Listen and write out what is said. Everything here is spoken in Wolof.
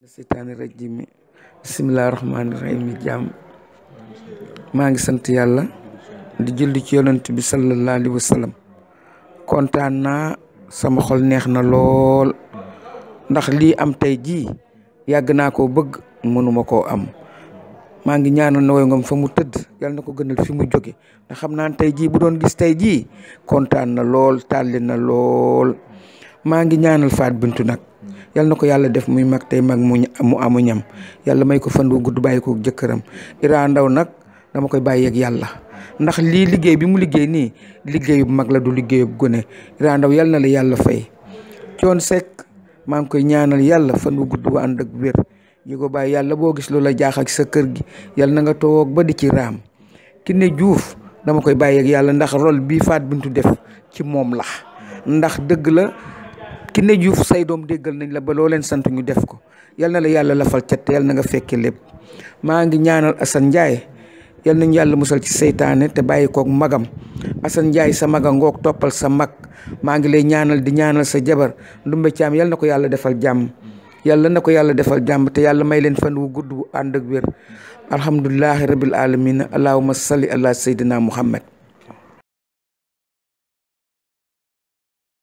Setan rajim bisimilah rahmaani rahim jaam maa ngi sant yàlla di julli ci yonent bi sallallahu alayhi wa sallam sama xol neex na ndax am tey jii yàgg naa koo bëgg ko am mangi ngi ñaanal na woy ngom fa mu tëdd yàlla na gënal fi mu jóge ndax xam naa tey bu doon gis ñaanal bintu Mm. yal na ko yàlla def muy mag tey mag mu mu amu ñam yàlla may ko fandu gudd bàyyi ko jëkkëram Ira Ndaw nag dama koy bàyyi yàlla ndax lii liggéey bi mu liggéey nii liggéey bu mag la du liggéey gone Ira Ndaw na la yàlla fay coon Seck maa ngi koy ñaanal yàlla fan wu gudd bu ànd ak wér yi ko bàyyi yàlla boo gis loola jaax ak sa kër gi yàlla na nga toog ba di ci raam ki ne Juuf dama koy bàyyi yàlla ndax rôle bi Fatou Bintou def ci moom la ndax dëgg la ki ne Juuf say doom déggal nañ la ba loo leen sant ñu def ko yal na la yàlla lafal cat yal na nga fekke lépp maa ngi ñaanal Assane Ndiaye yal nañu yàlla musal ci seytaane te bàyyi kook magam Assane Ndiaye sa maga ngoog toppal sa mag maa ngi lay ñaanal di ñaanal sa jabar ndumbe caam yal na ko yàlla defal jàmm yàlla na ko yàlla defal jàmm te yàlla may leen fan wu gudd wu ànd ak wér alhamdulilahi rabil alamina allahuma salli ala sayyidina muhammad